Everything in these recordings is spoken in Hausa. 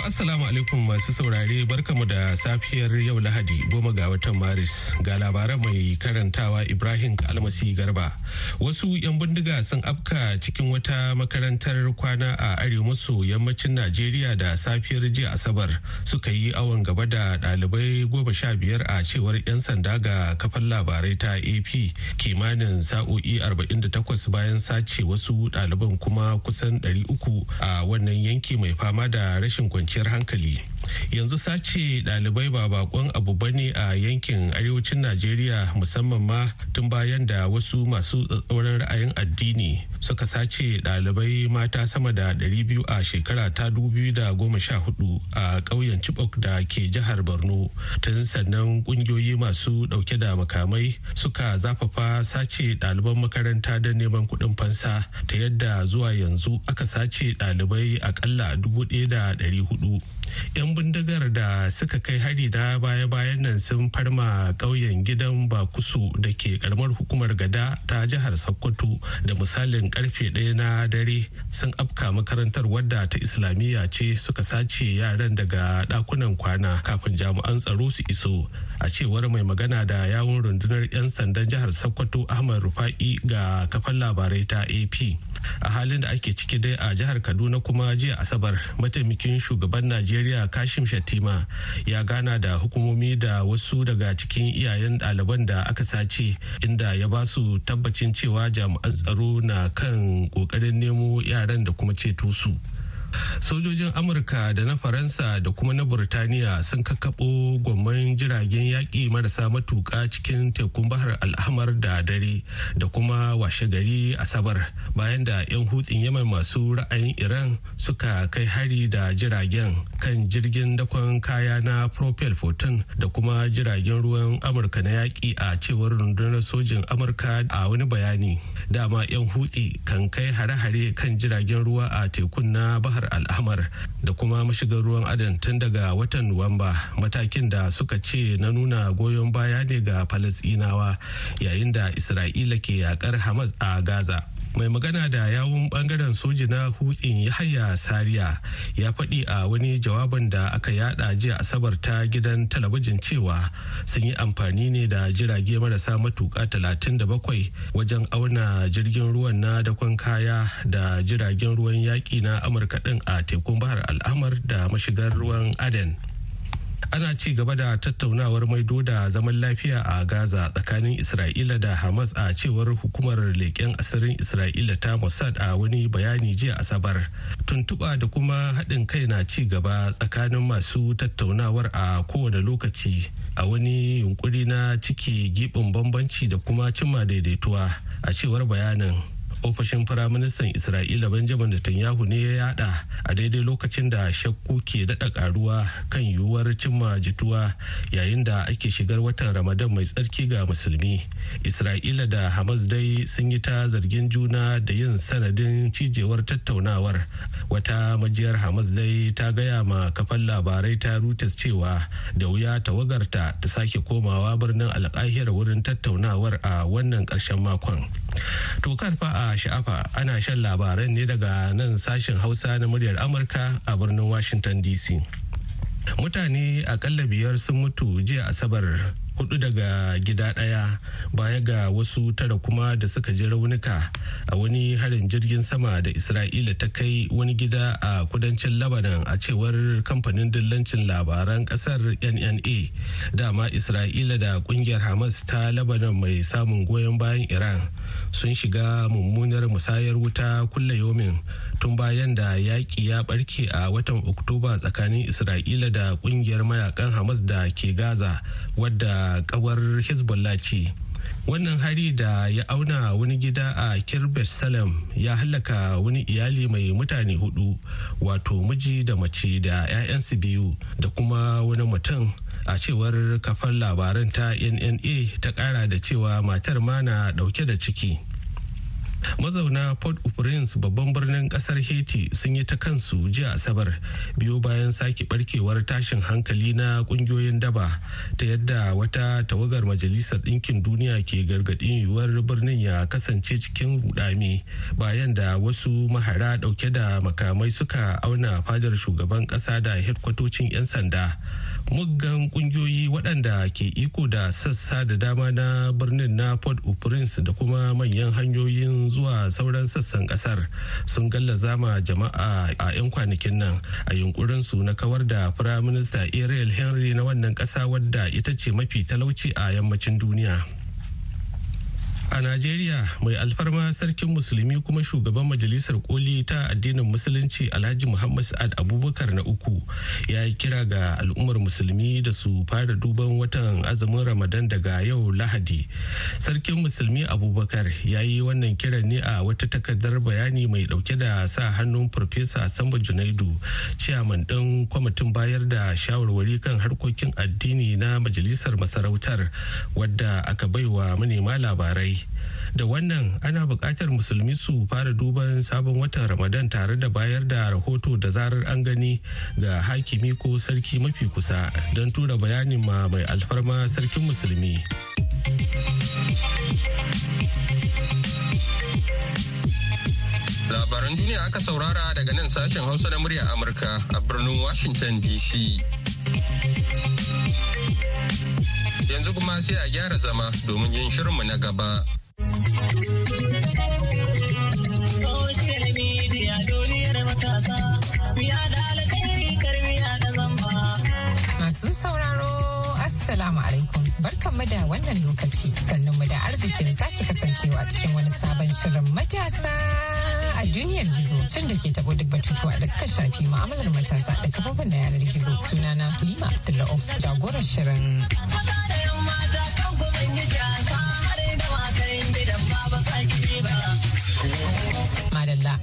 Assalamu alaikum masu saurare barkamu da safiyar yau Lahadi goma ga watan Maris ga labaran mai karantawa Ibrahim Almasi Garba. Wasu 'yan bindiga sun afka cikin wata makarantar kwana a arewa maso yammacin Najeriya da safiyar jiya Asabar suka yi awon gaba da ɗalibai goma sha biyar a cewar 'yan sanda ga kafar labarai ta AP kimanin sa'o'i arba'in da 48 bayan sace wasu ɗaliban kuma kusan uku a wannan yanki mai fama da rashin kwanci kwanciyar hankali yanzu sace ɗalibai ba bakon abu bane a yankin arewacin najeriya musamman ma tun bayan da wasu masu tsatsauran ra'ayin addini suka sace ɗalibai mata sama da 200 a shekara ta 2014 a ƙauyen chibok da ke jihar borno tun sannan ƙungiyoyi masu ɗauke da makamai suka zafafa sace ɗaliban makaranta da neman kuɗin fansa ta yadda zuwa yanzu aka sace ɗalibai akalla 1,400 'yan bindigar da suka kai hari da baya-bayan nan sun farma ƙauyen gidan bakusu da ke karamar hukumar gada ta jihar sokoto da misalin karfe ɗaya na dare sun afka makarantar wadda ta islamiyya ce suka sace yaran daga ɗakunan kwana kafin jami'an tsaro su iso a cewar mai magana da yawun rundunar 'yan sandan jihar sokoto ahmad rufa'i ga kafan labarai ta ap a halin da ake ciki dai a jihar kaduna kuma jiya asabar mataimakin shugaban najeriya kashim shattima ya gana da hukumomi da wasu daga cikin iyayen ɗaliban da aka sace inda ya ba su tabbacin cewa jami'an tsaro na kan ƙoƙarin nemo yaran da kuma ceto su sojojin amurka da na faransa da kuma na burtaniya sun kakkaɓo gwamman jiragen yaƙi marasa matuƙa cikin tekun bahar alhamar da dare da kuma washe gari asabar bayan da 'yan hutsin yaman masu ra'ayin iran suka kai hari da jiragen kan jirgin dakon kaya na propel 14 da kuma jiragen ruwan amurka na yaƙi a cewar rundunar sojin amurka a wani bayani dama 'yan hutsi kan kai hare-hare kan jiragen ruwa a tekun na bahar jihar al'amar da kuma mashigar ruwan adan tun daga watan nuwamba matakin da suka ce na nuna goyon baya ne ga falasinawa yayin da isra'ila ke yakar hamas a gaza mai magana da yawun bangaren soji na hutsin yahaya sariya ya faɗi a wani jawaban da aka yada jiya asabar ta gidan talabijin cewa sun yi amfani ne da jirage marasa matuka 37 wajen auna jirgin ruwan na dakon kaya da jiragen ruwan yaƙi na amurka ɗin a tekun bahar al'amar da mashigar ruwan aden ana ci gaba da tattaunawar maido da zaman lafiya a gaza tsakanin isra'ila da hamas a cewar hukumar leƙen asirin isra'ila ta mossad a wani bayani jiya asabar tuntuɓa da kuma haɗin kai na ci gaba tsakanin masu tattaunawar a kowane lokaci a wani yunkuri na ciki gibin bambanci da kuma cimma daidaituwa a cewar bayanin ofishin firaministan isra'ila benjamin netanyahu ne ya yada a daidai lokacin da shakku ke daɗa karuwa kan yiwuwar cimma jituwa yayin da ake shigar watan ramadan mai tsarki ga musulmi isra'ila da hamas dai sun yi ta zargin juna da yin sanadin cijewar tattaunawar wata majiyar hamas dai ta gaya ma kafan labarai ta rutas cewa da wuya tawagarta ta sake komawa birnin alkahira wurin tattaunawar a wannan ƙarshen makon to karfa a sha'afa ana shan labaran ne daga nan sashen Hausa na muryar Amurka a birnin Washington DC. Mutane akalla biyar sun mutu jiya Asabar hudu daga gida daya baya ga wasu tara kuma da suka ji raunuka a wani harin jirgin sama da isra'ila ta kai wani gida a kudancin labanan a cewar kamfanin dillancin labaran kasar nna dama isra'ila da kungiyar hamas ta labanan mai samun goyon bayan iran sun shiga mummunar musayar wuta kulle yomin tun bayan da yaƙi ya barke a watan oktoba tsakanin isra'ila da kungiyar mayakan hamas da ke gaza wadda kawar hezbollah ce wannan hari da ya auna wani gida a kirbet salem ya hallaka wani iyali mai mutane hudu wato miji da mace da 'ya'yansu biyu da kuma wani mutum a cewar kafar labaran ta nna ta kara da cewa matar ma na dauke da ciki mazauna port au prince babban birnin kasar haiti sun yi ta kansu jiya asabar biyo bayan sake barkewar tashin hankali na kungiyoyin daba ta yadda wata tawagar majalisar ɗinkin duniya ke gargaɗi yiwuwar birnin ya kasance cikin rudami bayan da wasu mahara ɗauke da makamai suka auna fadar shugaban ƙasa da hirkwatocin 'yan sanda muggan kungiyoyi waɗanda ke iko da sassa da dama na birnin na port au prince da kuma manyan hanyoyin zuwa sauran sassan kasar sun gallaza ma jama'a a 'yan kwanakin nan a yunkurin su na kawar da firaminista ariel henry na wannan kasa wadda ita ce mafi talauci a yammacin duniya A Najeriya mai alfarma sarkin musulmi kuma shugaban majalisar koli ta addinin musulunci Alhaji Muhammad Sa'ad Abubakar na uku ya yi kira ga al'ummar musulmi da su fara duban watan azumin Ramadan daga yau Lahadi. Sarkin musulmi Abubakar ya yi wannan kiran ne a wata takardar bayani mai dauke da sa hannun Farfesa Sambo Junaidu, ciyaman ɗin kwamitin bayar da shawarwari kan harkokin addini na majalisar masarautar wadda aka baiwa manema labarai. da wannan ana buƙatar musulmi su fara duban sabon watan ramadan tare da bayar da rahoto da zarar an gani ga hakimi ko sarki mafi kusa don tura bayanin ma mai alfarma sarkin musulmi labaran duniya aka saurara daga nan sashen hausa na murya amurka a birnin washington dc Yanzu kuma sai a gyara zama domin yin shirinmu na gaba. Masu sauraro, Assalamu alaikum. Barkanmu da wannan lokaci sannan mu da arzikin sake kasancewa cikin wani sabon shirin matasa a duniyar gizo can da ke tabo duk batutuwa da suka shafi ma'amalar matasa da kafofin da yanar gizo sunana Lima Abdullahi jagorar shirin. maza kan gumin yi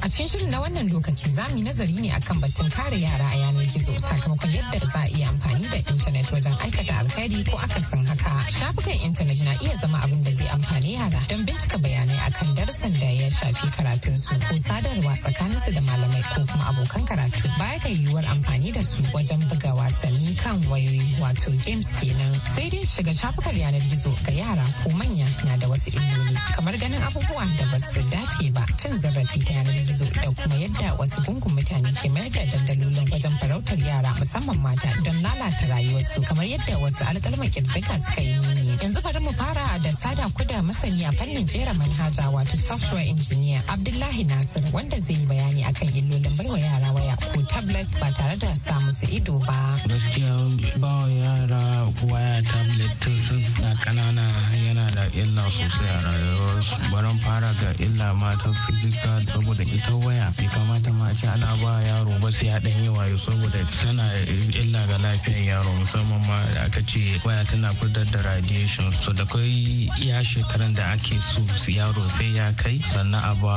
A cikin shirin na wannan lokaci za mu yi nazari ne akan batun kare yara a yanar gizo sakamakon yadda za a iya amfani da intanet wajen aikata alkhairi ko akasin haka. Shafukan intanet na iya zama abin da zai amfani yara don bincika bayanai akan darasin da ya shafi karatunsu ko sadarwa tsakaninsu da malamai ko kuma abokan karatu. Baya ga yiwuwar amfani da su wajen buga wasanni kan wayoyi wato games kenan. Sai dai shiga shafukan yanar gizo ga yara ko manya na da wasu illoli kamar ganin abubuwa da ba su dace ba cin zarafi ta yanar gizo. gizo da kuma yadda wasu gungun mutane ke mayar da dandalolin wajen farautar yara musamman mata don lalata rayuwarsu kamar yadda wasu alƙalmar kirdika suka yi nuni Yanzu bari mu fara da sada kuda masani a fannin kera manhaja wato software engineer Abdullahi Nasir wanda zai yi bayani akan illolin baiwa yara waya ko tablet ba tare da sa musu ido ba. Gaskiya ba yara waya tablet tun na kanana yana da illa sosai a rayuwarsu. Baran fara ga illa mata ta fizika saboda ita waya bai kamata ma ce ana ba yaro ba sai ya dan yi wayo saboda tana illa ga lafiyar yaro musamman ma aka ce waya tana fitar da radiation education so da kai iya shekaran da ake so su yaro sai ya kai sannan a ba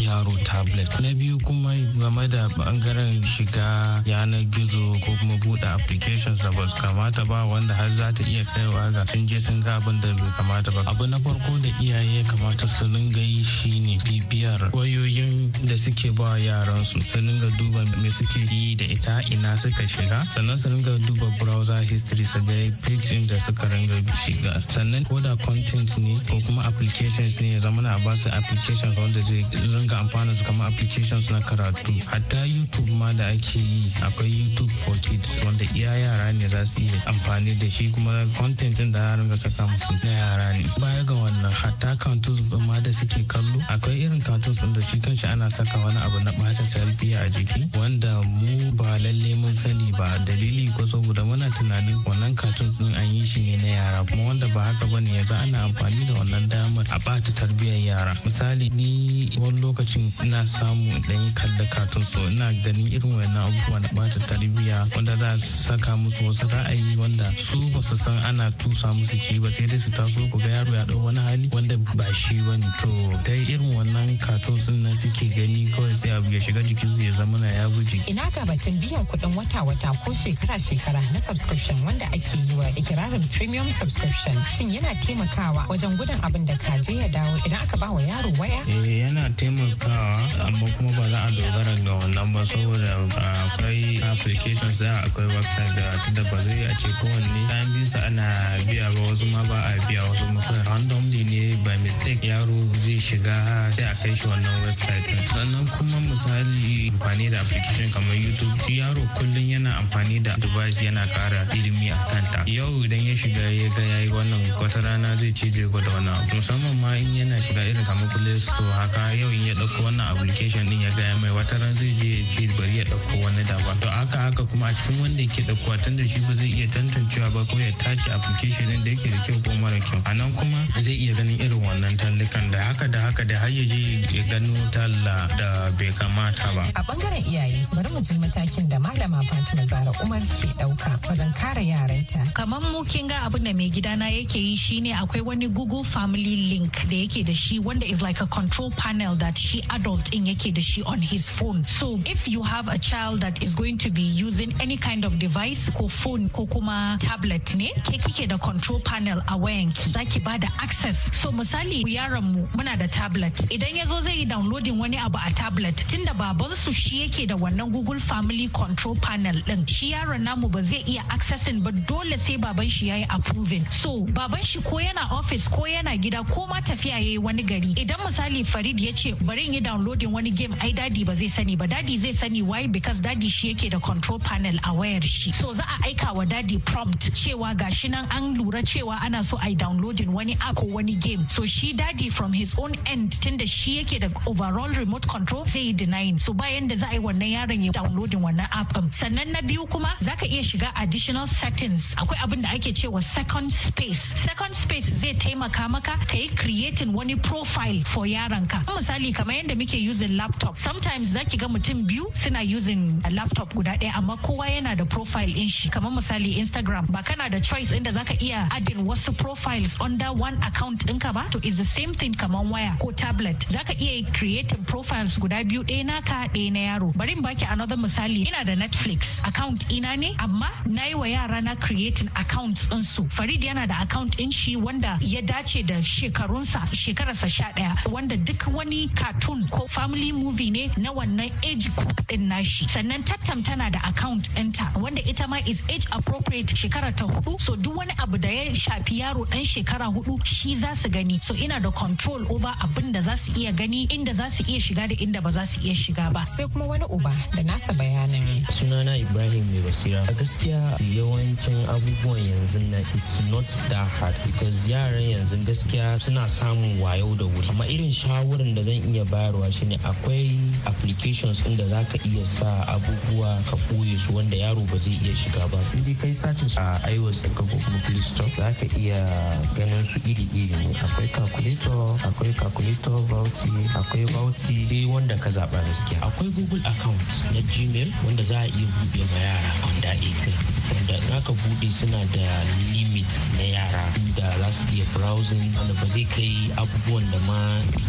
yaro tablet na biyu kuma game da bangaren shiga yanar gizo ko kuma buɗe applications da ba su kamata ba wanda har za ta iya kaiwa ga sun je sun ga abin da bai kamata ba abu na farko da iyaye kamata su dinga yi shine bibiyar wayoyin da suke ba yaran su su dinga duba me suke yi da ita ina suka shiga sannan su dinga duba browser history su ga page da suka ringa shiga shiga sannan ko da content ne ko kuma applications ne ya zama na ba su applications wanda zai ringa amfana su kama applications na karatu hatta youtube ma da ake yi akwai youtube for kids wanda iya yara ne za su iya amfani da shi kuma content da ya ringa saka musu na yara ne baya ga wannan hatta cartoons din ma da suke kallo akwai irin cartoons din da shi kanshi ana saka wani abu na bata tarbiyya a jiki wanda mu ba lalle mun sani ba dalili ko saboda muna tunanin wannan cartoons din an yi shi ne na yara kuma wanda ba haka bane za ana amfani da wannan damar a bata tarbiyyar yara misali ni wani lokacin ina samu dan yi kalle katon so ina ganin irin wannan abubuwa na bata tarbiyya wanda za su saka musu wasu ra'ayi wanda su ba su san ana tusa musu ci ba sai dai su taso ku ga yaro ya dau wani hali wanda ba shi bane to dai irin wannan katon sun nan suke gani kawai sai abu ya shiga jikin su ya zama na ya guji. ina ga batun biyan kuɗin wata-wata ko shekara-shekara na subscription wanda ake yi wa ikirarin premium subscription protection shin yana taimakawa wajen gudun abin da kaje ya dawo idan aka ba wa yaro waya? Eh yana taimakawa amma kuma ba za a dogara ga wannan ba saboda ah, akwai applications da akwai website da da ba zai a ce kowanne kayan bisa ana biya ba wasu ma ba a biya wasu ma kawai randomly ne by mistake yaro zai shiga sai a kai shi wannan website sannan kuma misali amfani da application kamar YouTube shi yaro kullum yana amfani da device yana kara ilimi a kanta yau idan ya shiga ya ga yayi wannan wata rana zai cije ku da wana. abu musamman ma in yana shiga irin kamar play haka yau in ya dauko wannan application din ya gaya mai wata zai je ya ce bari ya dauko wani ba to haka haka kuma a cikin wanda yake dauko tun da shi ba zai iya tantancewa ba ko ya tace application din da yake da kyau ko mara kyau a nan kuma zai iya ganin irin wannan tallukan da haka da haka da har ya je ya gano talla da bai kamata ba a bangaren iyaye bari mu je matakin da malama Fatima Zara Umar ke dauka wajen kare yaranta kamar mu kin ga abin da mai gida ɗana yake yi shine akwai wani Google Family Link da yake da shi wanda is like a control panel that shi adult in yake da shi on his phone. So if you have a child that is going to be using any kind of device ko phone ko kuma tablet ne, ke kike da control panel a wayanki za ki bada access. So misali mu muna da tablet. Idan ya zo zai yi downloading wani abu a tablet tunda babansu shi yake da wannan Google Family Control Panel din. Shi yaron namu ba zai iya accessing ba dole sai baban shi yayi approving. So so baban shi ko yana ofis ko yana gida ko ma tafiya yayi wani gari idan misali Farid ya ce bari in yi downloading wani game ai dadi ba zai sani ba dadi zai sani why because dadi shi yake da control panel a wayar shi so za a aika wa dadi prompt cewa gashi nan an lura cewa ana so ai downloading wani app ko wani game so shi dadi from his own end tunda shi yake da overall remote control zai yi denying so bayan da za a yi wannan yaron ya downloading wannan app sannan na biyu kuma zaka iya shiga additional settings akwai abin da ake cewa second space second space zai taimaka maka ka yi creating wani profile for yaranka misali kamar yadda muke using laptop sometimes za ki ga mutum biyu suna using laptop guda ɗaya amma kowa yana da profile in shi kamar misali instagram ba kana da choice inda zaka iya adding wasu profiles under one account ɗinka ba to is the same thing kamar waya ko tablet zaka iya creating profiles guda biyu ɗaya naka ɗaya na yaro bari in baki another misali ina da netflix account ina ne amma na yi wa yara na creating accounts ɗinsu farid yana da account ɗin shi wanda ya dace da shekarunsa shekararsa sha ɗaya wanda duk wani cartoon ko family movie ne na wannan age group ɗin nashi sannan tattam tana da account ɗinta wanda ita ma is age appropriate shekara ta hudu so duk wani abu da ya shafi yaro ɗan shekara hudu shi za su gani so ina da control over abin da za su iya gani inda za su iya shiga da inda ba za su iya shiga ba sai kuma wani uba da nasa bayanin sunana ibrahim mai basira a gaskiya yawancin abubuwan yanzu na it's not da hard because yaran yanzu gaskiya suna samun wayo da wuri amma irin shawarar da zan iya bayarwa shine akwai applications inda za ka iya sa abubuwa ka koye su wanda yaro ba zai iya shiga ba in dai kai sacin a iOS ka ko kuma Play Store za ka iya ganin su iri iri ne akwai calculator akwai calculator bauti akwai bauti dai wanda ka zaba gaskiya akwai Google account na Gmail wanda za a iya buɗe ma yara under 18 wanda za ka buɗe suna da limit na yara da za su iya browsing wanda ba zai kai abubuwan da ma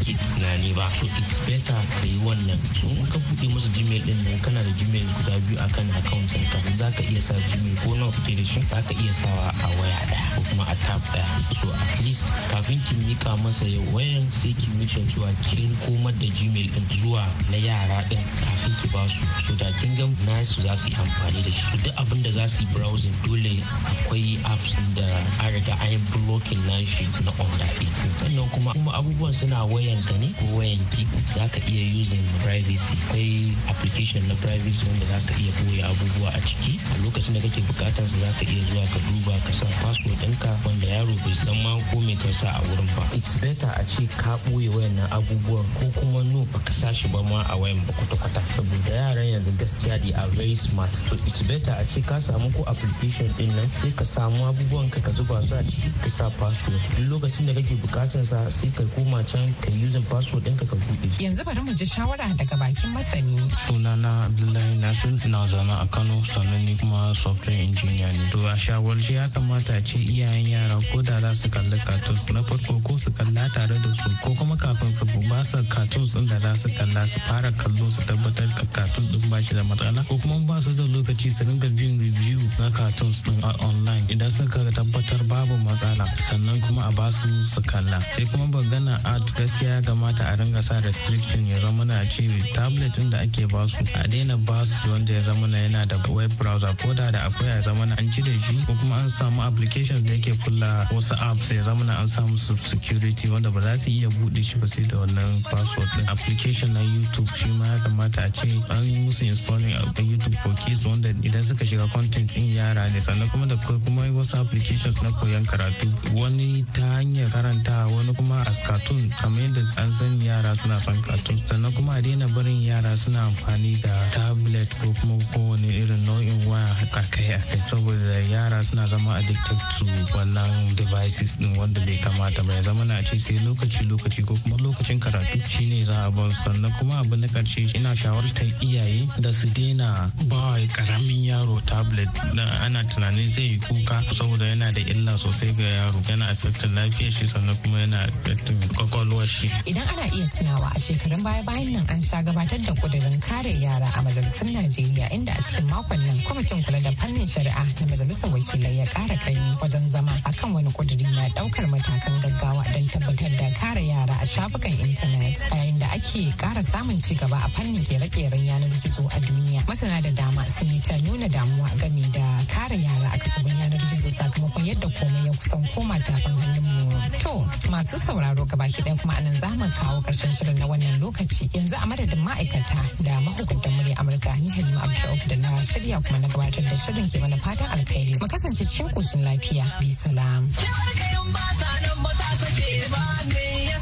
ke tunani ba so it's better ka yi wannan sun ka buɗe musu gmail din nan kana da gmail guda biyu akan account ka za ka iya sa gmail ko nawa kuke da shi za ka iya sawa a waya ɗaya ko kuma a tab ɗaya so at least kafin ki mika masa ya wayan sai ki wuce cewa kin komar da gmail din zuwa na yara din kafin ki ba su so da kin ga na su za su yi amfani da shi duk abin da za su yi browsing dole akwai apps da an riga an yi blocking na shi na under 18 sannan kuma kuma abubuwan suna wayan ka ne ko wayan ki za ka iya using privacy kai. akwai application na zone wanda za ka iya boye abubuwa a ciki a lokacin da kake bukatar su za ka iya zuwa ka duba ka sa passport ɗinka wanda yaro bai san ma ko me ka sa a wurin ba it's better a ce ka boye wayannan abubuwan ko kuma no ba ka sa shi ba ma a wayan ba kwata-kwata saboda yaran yanzu gaskiya di are very smart to it's better a ce ka samu ko application din nan sai ka samu abubuwan ka ka zuba su a ciki ka sa password duk lokacin da kake bukatar sa sai ka koma can ka using password ɗinka ka buɗe yanzu bari mu ji shawara daga bakin masa suna Sunana Abdullahi Nasir na zama a Kano sannan ni kuma software engineer ne. To a shawarci ya kamata a ce iyayen yara ko da za su kalli cartoons na farko ko su kalla tare da su ko kuma kafin su ba su cartoons din da za su kalla su fara kallo su tabbatar ka cartoon din ba shi da matsala ko kuma ba su da lokaci su ringa bin review na cartoons din a online idan ka tabbatar babu matsala sannan kuma a ba su su kalla sai kuma bagana art gaskiya ya kamata a ringa sa restriction ya zama na ce tablet din tallafin da ake basu a daina basu wanda ya zama na yana da web browser ko da da akwai ya zama na an cire shi ko kuma an samu applications da yake kula wasu apps ya zama na an samu security wanda ba za su iya buɗe shi ba sai da wannan password din application na YouTube shi ma ya kamata a ce an yi musu installing a YouTube for kids wanda idan suka shiga content din yara ne sannan kuma da kuma wasu applications na koyon karatu wani ta hanyar karanta wani kuma as cartoon kamar yadda an san yara suna son cartoon sannan kuma a daina barin yara suna amfani da tablet ko kuma kowane irin nau'in waya akai akai saboda yara suna zama addicted to wannan devices din wanda bai kamata ba ya zama na ce sai lokaci lokaci ko kuma lokacin karatu shine za a bar sannan kuma abu na karshe ina shawartar iyaye da su daina ba karamin yaro tablet ana tunanin zai yi kuka saboda yana da illa sosai ga yaro yana affecting lafiyar shi sannan kuma yana affecting kwakwalwar shi idan ana iya tunawa a shekarun baya bayan nan an sha gabatar da kudirin kare yara a majalisar Najeriya inda a cikin makon nan kwamitin kula da fannin shari'a na majalisar wakilai ya kara kaimi wajen zama akan wani kudiri na daukar matakan gaggawa don tabbatar da kare yara a shafukan intanet a yayin da ake kara samun ci gaba a fannin kere-keren yanar gizo a duniya. Masana da dama sun yi ta nuna damuwa game da kare yara a kafofin yanar gizo sakamakon yadda ko kusan koma tafin hannunmu. To masu sauraro gaba gabaki ɗaya kuma anan za mu kawo ƙarshen shirin na wannan lokaci yanzu a madadin ma'aikata da mahukuntan murya Amurka ni Halima Abdulrahman da na shirya kuma na gabatar da shirin ke mana fatan alkhairi. Mu kasance cikin koshin lafiya. Bi salam.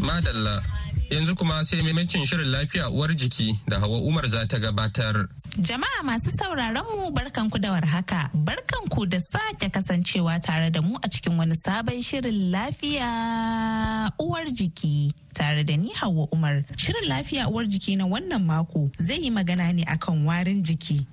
Madalla Yanzu kuma sai maimacin shirin lafiya uwar jiki da Hawa Umar za ta gabatar. Jama'a masu sauraron mu barkanku da warhaka. Barkanku da sake kasancewa tare da mu a cikin wani sabon shirin lafiya uwar jiki. Tare da ni Hauwa Umar. Shirin lafiya uwar jiki na wannan mako zai yi magana ne akan warin jiki.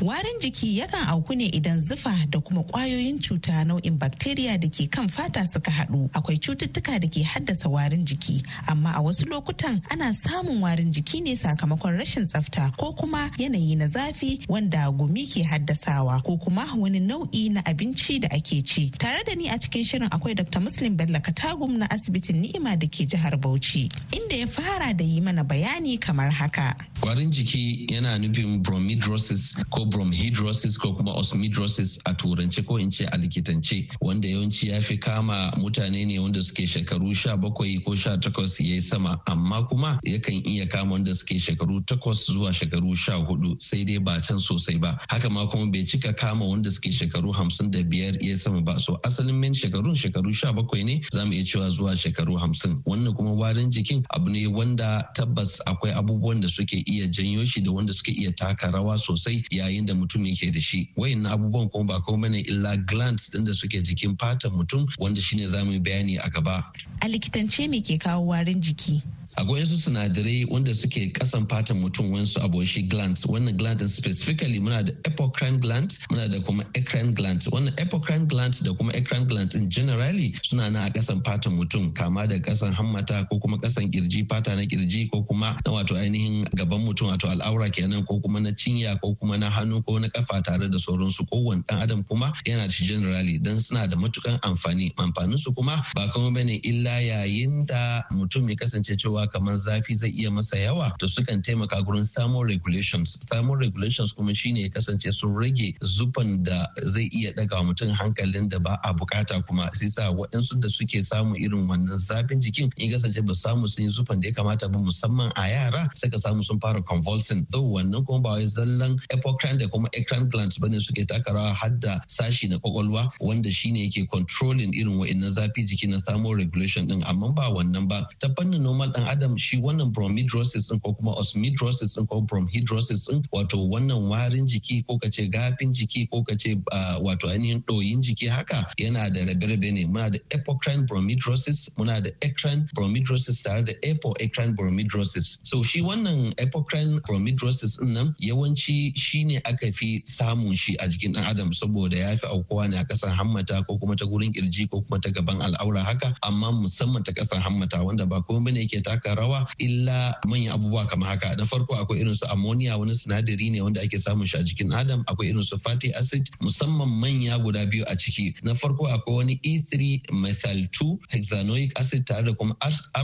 Warin jiki yakan auku ne idan zufa da kuma kwayoyin cuta nau'in bakteriya da ke kan fata suka haɗu. Akwai cututtuka da ke haddasa warin jiki, amma a wasu lokutan ana samun warin jiki ne sakamakon rashin tsafta ko kuma yanayi na zafi wanda gumi ke haddasawa ko kuma wani nau'i na abinci da ake ci. Tare da ni a cikin shirin akwai Dr. Muslim Bello Katagum na asibitin Ni'ima da ke jihar Bauchi, inda ya fara da yi mana bayani kamar haka. warin jiki yana nufin bromidrosis ko bromhidrosis ko kuma osmidrosis a turance ko in ce a likitance wanda yawanci ya fi kama mutane ne wanda suke shekaru sha bakwai ko sha takwas ya yi sama amma kuma yakan iya kama wanda suke shekaru takwas zuwa shekaru sha hudu sai dai ba can sosai ba haka ma kuma bai cika kama wanda suke shekaru hamsin da biyar ya sama ba so asalin min shekarun shekaru sha bakwai ne za mu iya cewa zuwa shekaru hamsin wannan kuma warin jikin abu ne wanda tabbas akwai abubuwan da suke iya janyo shi da wanda suke iya taka rawa sosai yayin da mutum yake da shi na abubuwan kuma ba kuma ne illa glands din da suke jikin fatan mutum wanda shine zamu bayani a gaba a likitance me ke kawo warin jiki akwai wasu sinadarai wanda suke kasan fatan mutum wansu aboshi glands wannan gland specifically muna da apocrine gland muna da kuma eccrine gland wannan apocrine gland da kuma eccrine gland in generally suna na a kasan fatan mutum kama da kasan hammata ko kuma kasan kirji fata na kirji ko kuma na wato ainihin gaban mutum wato al'aura kenan ko kuma na cinya ko kuma na hannu ko na kafa tare da sauransu kowane dan adam kuma yana da generally dan suna da matukan amfani amfanin su kuma ba kuma bane illa yayin da mutum ya kasance cewa kamar zafi zai iya masa yawa to sukan taimaka gurin thermal regulations thermal regulations kuma shine ya kasance sun rage zufan da zai iya daga mutum hankalin da ba a bukata kuma sai sa waɗansu da suke samu irin wannan zafin jikin in kasance ba samu sun yi zufan da ya kamata ba musamman a yara sai samu sun fara convulsing to wannan kuma ba wai zallan epocrine da kuma eccrine glands ne suke taka rawa har da sashi na kwakwalwa wanda shine yake controlling irin na zafi jiki na thermal regulation din amma ba wannan ba ta fannin normal dan adam shi wannan bromidrosis din ko kuma osmidrosis din ko bromhidrosis din wato wannan warin jiki ko kace gafin jiki ko kace wato ainihin doyin jiki haka yana da rabe-rabe ne muna da apocrine bromidrosis muna da eccrine bromidrosis tare da apocrine bromidrosis so shi wannan apocrine bromidrosis din nan yawanci ne aka fi samun shi a jikin dan adam saboda ya fi aukuwa ne a kasan hammata ko kuma ta gurin kirji ko kuma ta gaban al'aura haka amma musamman ta kasan hammata wanda ba komai bane yake ta Karawa rawa illa manyan abubuwa kamar haka na farko akwai irin su ammonia wani sinadari ne wanda ake samun shi a jikin adam akwai irin su fatty acid musamman manya guda biyu a ciki na farko akwai wani E3 methyl 2 hexanoic acid tare da kuma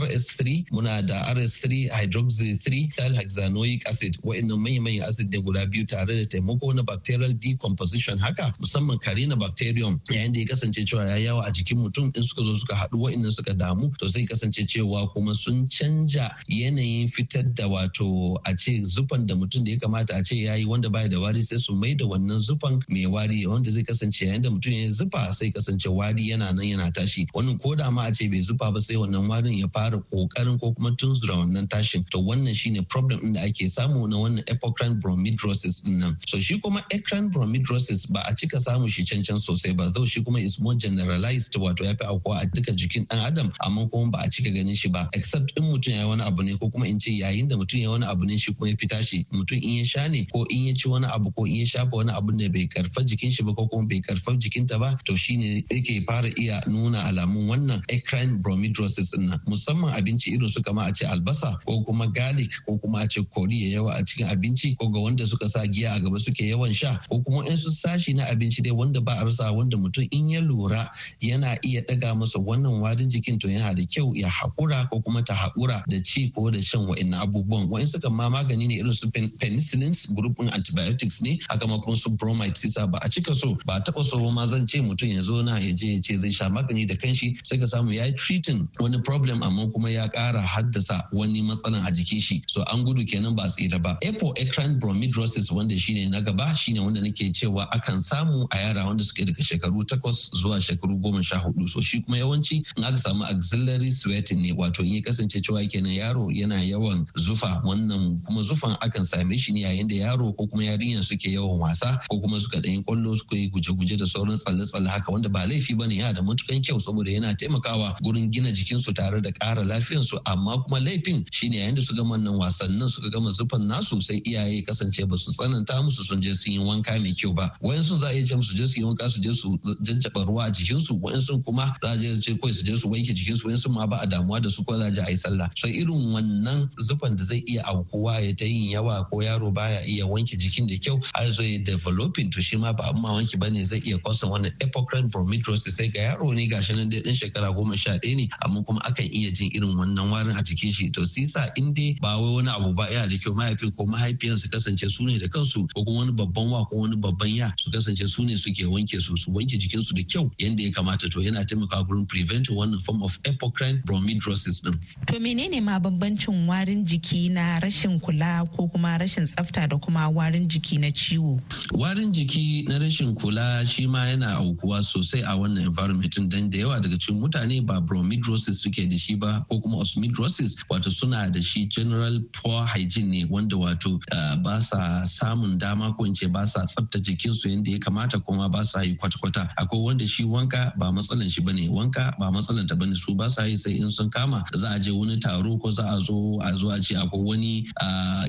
RS3 muna da RS3 hydroxy 3 methyl hexanoic acid wa'annan manyan manyan acid ne guda biyu tare da taimako na bacterial decomposition haka musamman karina bacterium yayin da ya kasance cewa ya yawa a jikin mutum in suka zo suka haɗu wa'annan suka damu to sai kasance cewa kuma sun ci canja yanayin fitar da wato a ce zufan da mutum da ya kamata a ce yi wanda baya da wari sai su mai da wannan zufan mai wari wanda zai kasance yayin da mutum ya zufa sai kasance wari yana nan yana tashi wannan ko da ma a ce bai zufa ba sai wannan warin ya fara kokarin ko kuma tunzura wannan tashin to wannan shine problem din da ake samu na wannan epocrine bromidrosis din nan so shi kuma ecrine bromidrosis ba a cika samu shi cancan sosai ba zau shi kuma is more generalized wato ya fi a duka jikin dan adam amma kuma ba a cika ganin shi ba except in mutum ya wani abu ne ko kuma in ce yayin da mutum ya wani abu ne shi kuma ya fita shi mutum in ya sha ne ko in ya ci wani abu ko in ya shafa wani abu ne bai karfa jikin shi ba ko kuma bai karfa ta ba to shi ne yake fara iya nuna alamun wannan ecrine bromidrosis din nan musamman abinci irin su kama a ce albasa ko kuma garlic ko kuma a ce kori ya yawa a cikin abinci ko ga wanda suka sa giya a gaba suke yawan sha ko kuma in su sashi na abinci dai wanda ba a rasa wanda mutum in ya lura yana iya daga masa wannan warin jikin to yana da kyau ya haƙura ko kuma ta haƙura kura da ci ko da shan wa'annan abubuwan wa'in suka ma magani ne irin su penicillins in antibiotics ne haka ma kuma su bromide sisa ba a cika so ba a taba so ma zan ce mutum ya zo na ya je ya ce zai sha magani da kanshi sai ka samu ya yi treating wani problem amma kuma ya kara haddasa wani matsalan a jikin shi so an gudu kenan ba tsira ba apocrine bromidrosis wanda shine na gaba shine wanda nake cewa akan samu a yara wanda suke daga shekaru takwas zuwa shekaru goma sha hudu so shi kuma yawanci in aka samu axillary sweating ne wato in ya kasance cewa cewa kenan yaro yana yawan zufa wannan kuma zufan akan same shi ne yayin da yaro ko kuma yarinyar suke yawan wasa ko kuma suka yi kwallo suka yi guje-guje da sauran tsalle-tsalle haka wanda ba laifi ba ne yana da matukan kyau saboda yana taimakawa gurin gina jikinsu tare da ƙara lafiyarsu amma kuma laifin shine yayin da su gama wannan wasannin suka gama zufan nasu sai iyaye kasance ba su tsananta musu sun je sun yi wanka mai kyau ba wayansu za a iya ce musu je su yi wanka su je su jajjaba ruwa a jikinsu wayansu kuma za a je su je su wanke jikinsu wayansu ma ba a damuwa da su ko za a je a yi sallah Allah so irin wannan zufan da zai iya aukuwa ya ta yin yawa ko yaro baya iya wanke jikin da kyau har zo ya developing to shi ma ba amma wanki bane zai iya kwasan wannan epocrine bromidrosis sai ga yaro ne gashi nan dai din shekara goma sha ɗaya ne amma kuma akan iya jin irin wannan warin a jikin shi to sa in dai ba wai wani abu ba yana da kyau mahaifin ko mahaifiyar su kasance su ne da kansu ko kuma wani babban wa ko wani babban ya su kasance su ne suke wanke su su wanke jikin su da kyau yanda ya kamata to yana taimakawa gurin prevent wannan form of epocrine bromidrosis din. To menene ma bambancin warin jiki na rashin kula ko kuma rashin tsafta da kuma warin jiki na ciwo warin jiki na rashin kula shi ma yana aukuwa sosai a wannan environmentin dan da yawa daga cikin mutane ba bromidrosis suke da shi ba ko kuma osmidrosis wato suna da shi general poor hygiene ne wanda wato eh, ba sa samun dama ko ce ba sa tsafta jikinsu yadda ya kamata kuma ba sa yi kwata-kwata akwai wanda shi wanka ba matsalan shi bane wanka ba matsalan ta bane su ba sa yi sai in sun kama za a je wani wani taro ko za a zo a zo a ce akwai wani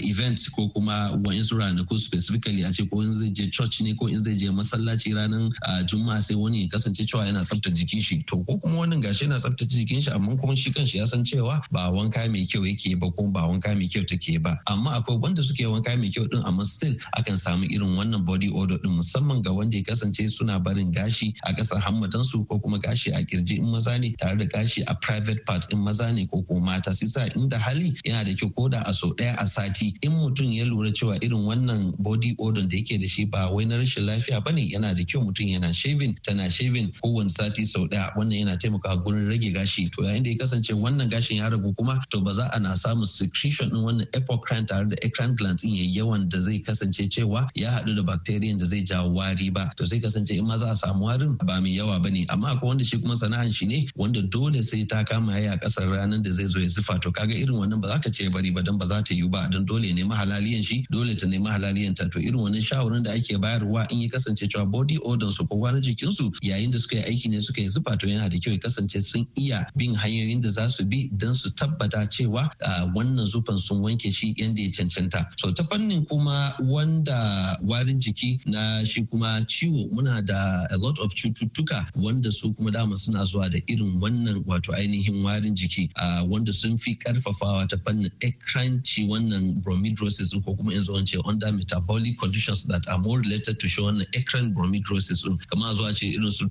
event ko kuma wani wa'insu ranaku specifically a ce ko in zai je church ne ko in zai je masallaci ranar juma'a sai wani ya kasance cewa yana tsafta jikin shi to ko kuma wani gashi yana tsabta jikin shi amma kuma shi kanshi ya san cewa ba wanka mai kyau yake ba ko ba wanka mai kyau take ba amma akwai wanda suke wanka mai kyau din amma still akan samu irin wannan body odor din musamman ga wanda ya kasance suna barin gashi a ƙasar hammatansu ko kuma gashi a kirji in maza ne tare da gashi a private part in maza ne ko kuma mata sai sa inda hali yana da kyau koda a so ɗaya a sati in mutum ya lura cewa irin wannan body odor da yake da shi ba wai na rashin lafiya bane yana da kyau mutum yana shaving tana shaving kowane sati sau ɗaya wannan yana taimakawa gurin rage gashi to yayin da ya kasance wannan gashin ya ragu kuma to ba za a na samun secretion din wannan epocrine tare da eccrine gland din yayi yawan da zai kasance cewa ya haɗu da bakteriyan da zai jawo wari ba to sai kasance in ma za a samu warin ba mai yawa bane amma akwai wanda shi kuma sana'an shi ne wanda dole sai ta kama yayi a ƙasar ranar da zai zo mai zufa to kaga irin wannan ba za ka ce bari ba don ba za ta yiwu ba don dole ne mahalaliyan shi dole ta nemi halaliyan ta to irin wannan shawarin da ake bayarwa in ya kasance cewa body odor su ko wani jikin su yayin da suka yi aiki ne suka yi zufa to yana da kyau ya kasance sun iya bin hanyoyin da za su bi don su tabbata cewa wannan zufan sun wanke shi yanda ya cancanta so ta fannin kuma wanda warin jiki na shi kuma ciwo muna da a lot of cututtuka wanda su kuma dama suna zuwa da irin wannan wato ainihin warin jiki wanda sun fi karfafawa ta fannin ekranci wannan bromidrosis ko kuma yanzu an ce under metabolic conditions that are more related to shi wannan ekran bromidrosis din kamar zuwa ce irin su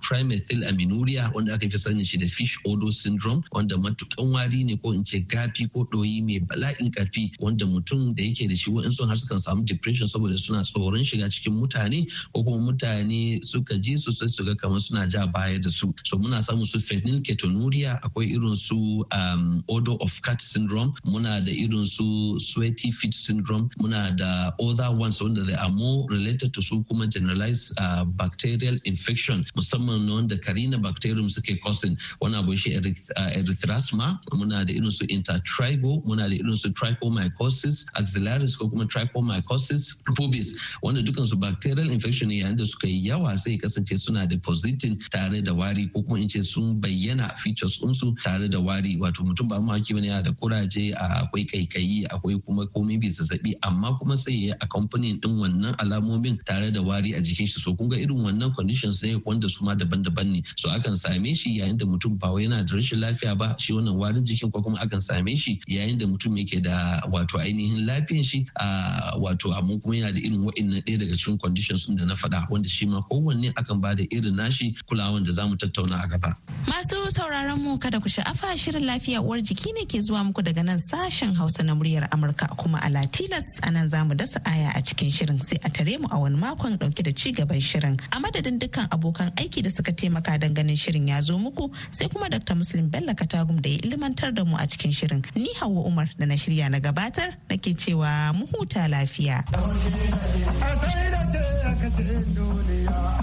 aminuria wanda aka fi sani shi da fish odor syndrome wanda matukan wari ne ko in ce gafi ko doyi mai bala'in karfi wanda mutum da yake da shi wa'insu har sukan samu depression saboda suna tsoron shiga cikin mutane ko kuma mutane suka ji su sai su ga kamar suna ja baya da su so muna samun su phenylketonuria akwai irin su um, odor shadow of cat syndrome muna da irin su sweaty feet syndrome muna da other ones wanda they are more related to su kuma generalized uh, bacterial infection musamman wanda karina bacterium suke causing wani abu shi uh, erythrasma muna da irin su intertrigo muna da irin su trichomycosis axillaris ko kuma trichomycosis pubis wanda dukan su bacterial infection ne yayin da suka yi yawa sai kasance suna da positin tare da wari ko kuma in ce sun bayyana features ɗinsu tare da wari wato mutum ba ma aiki wani yana da kuraje akwai kaikayi akwai kuma komai bai zazzabi amma kuma sai ya kamfanin din wannan alamomin tare da wari a jikin shi so kun ga irin wannan conditions ne wanda su ma daban-daban ne so akan same shi yayin da mutum ba wai yana da rashin lafiya ba shi wannan warin jikin ko kuma akan same shi yayin da mutum yake da wato ainihin lafiyan shi a wato amma kuma yana da irin wa'annan ɗaya daga cikin conditions da na faɗa wanda shi ma kowanne akan ba da irin nashi kulawan da zamu tattauna a gaba. Masu sauraron mu kada ku sha'afa shirin lafiya uwar jiki ne ke zuwa muku daga nan sashen Hausa na muryar Amurka kuma a Latilas a nan zamu dasa aya a cikin shirin sai a tare mu a wani makon dauke da ci gaban shirin. A madadin dukkan abokan aiki da suka taimaka don ganin shirin ya zo muku sai kuma Dr. Muslim Bello Katagum da ya ilmantar da mu a cikin shirin. Ni Hauwa Umar da na shirya na gabatar nake cewa mu huta lafiya.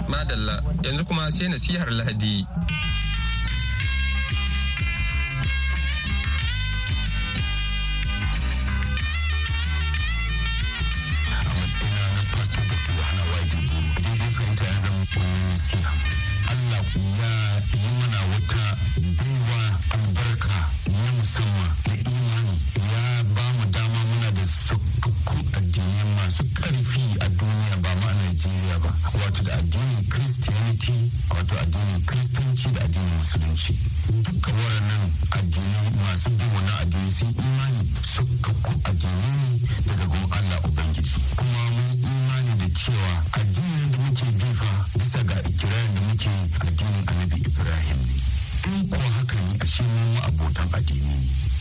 Madalla yanzu kuma sai nasihar Lahadi. islam allah ya yi mana wata baiwa albarka na musamman da imani ya ba mu dama muna da sakakkun addinai masu karfi a duniya ba ma a najeriya ba wato da addinin christianity wato addinin kristanci da addinin musulunci duka waɗannan addinai masu bin wannan addini sun imani sakakkun addinai ne daga gun allah ubangiji kuma mun imani cewa addinin da muke bifa bisa ga ikirarin da muke addinin annabi ibrahim ne in ko haka ne a shi mu abotan addini ne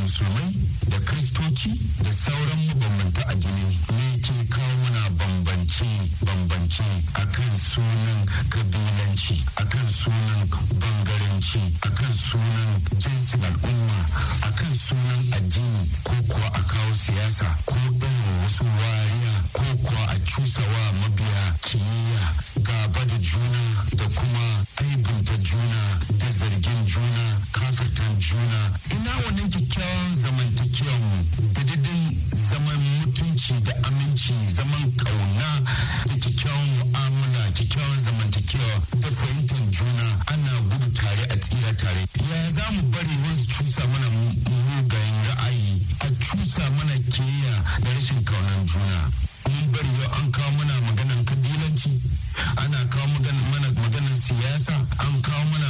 musulmai da kristoci da sauran mabambanta a jini ne ke kawo mana bambance-bambance kan sunan kabilanci kan sunan bangaranci kan sunan jinsin al'umma a kan sunan addini ko kuwa a kawo siyasa ko irin wasu wariya ko kuwa a cusawa mabiya kiyayya gaba da juna da kuma aibinta juna da zargin juna kafirtan juna ina wannan kyakkyawa kyakkyawan zamantakewan dadadin zaman mutunci da aminci zaman kauna da kyakkyawan mu'amala kyakkyawan zamantakewa da fahimtar juna ana gudu tare a tsira tare ya za mu bari wasu cusa mana mugayen ra'ayi a cusa mana keya da rashin kaunar juna mun bari yau an kawo mana maganan kabilanci ana kawo mana maganan siyasa an kawo mana